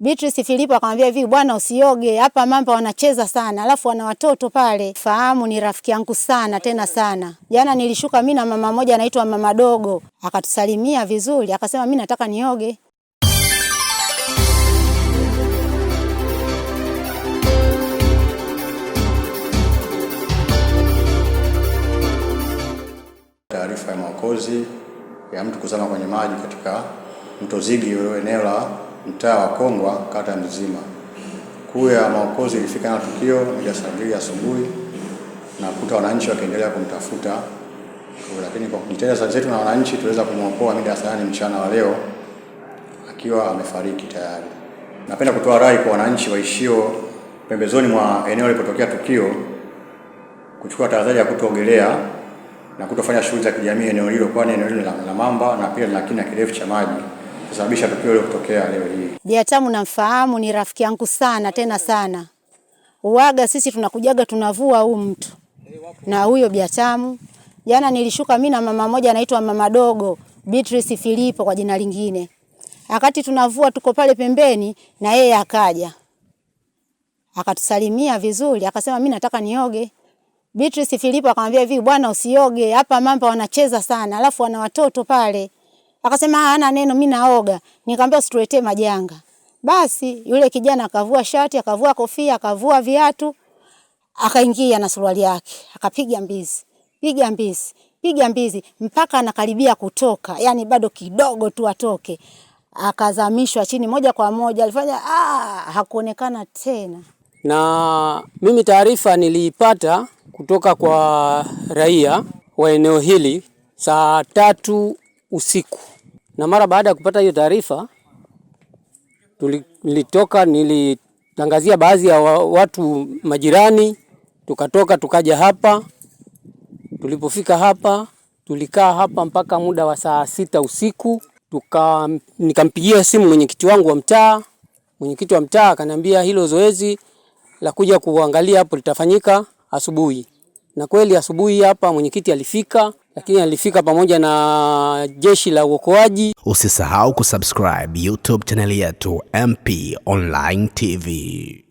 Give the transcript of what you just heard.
Beatrice Filipo akamwambia hivi, bwana usioge hapa, mamba wanacheza sana, alafu wana watoto pale. Fahamu ni rafiki yangu sana tena sana. Jana nilishuka mimi na mama moja anaitwa mama dogo, akatusalimia vizuri, akasema mimi nataka nioge. Taarifa ya maokozi ya mtu kuzama kwenye maji katika mto Zigi, eneo la mtaa wa Kongwa, kata Mzima. Kuu ya maokozi ilifika na tukio ya saa mbili asubuhi na kuta wananchi wakiendelea kumtafuta, lakini kwa kujitahidi sasa zetu na wananchi tuweza kumwokoa mida saa nane mchana wa leo akiwa amefariki tayari. Napenda kutoa rai kwa wananchi waishio pembezoni mwa eneo lilipotokea tukio kuchukua tahadhari ya kutoogelea na kutofanya shughuli za kijamii eneo hilo, kwani eneo hilo la mamba na pia lina kina kirefu cha maji kusababisha tukio hilo kutokea leo hii. Biatamu namfahamu, ni rafiki yangu sana tena sana. Uwaga sisi tunakujaga tunavua huu mtu na huyo Biatamu. Jana nilishuka mimi na mama moja anaitwa mama dogo Beatrice Filipo kwa jina lingine, Akati tunavua tuko pale pembeni, na yeye akaja akatusalimia vizuri, akasema mimi nataka nioge. Beatrice Filipo akamwambia hivi, bwana usioge hapa, mamba wanacheza sana, alafu wana watoto pale Akasema ah, hana neno, mimi naoga. Nikamwambia usituletee majanga. Basi yule kijana akavua shati, akavua kofia, akavua viatu, akaingia na suruali yake, akapiga mbizi, piga mbizi, piga mbizi mpaka anakaribia kutoka, yani bado kidogo tu atoke, akazamishwa chini moja kwa moja, alifanya ah, hakuonekana tena. Na mimi taarifa niliipata kutoka kwa raia wa eneo hili saa tatu usiku na mara baada ya kupata hiyo taarifa tulitoka, nilitangazia baadhi ya watu majirani, tukatoka tukaja hapa. Tulipofika hapa tulikaa hapa mpaka muda wa saa sita usiku tuka, nikampigia simu mwenyekiti wangu wa mtaa. Mwenyekiti wa mtaa akaniambia hilo zoezi la kuja kuangalia hapo litafanyika asubuhi, na kweli asubuhi hapa mwenyekiti alifika lakini alifika pamoja na jeshi la uokoaji. Usisahau kusubscribe YouTube chaneli yetu MP Online TV.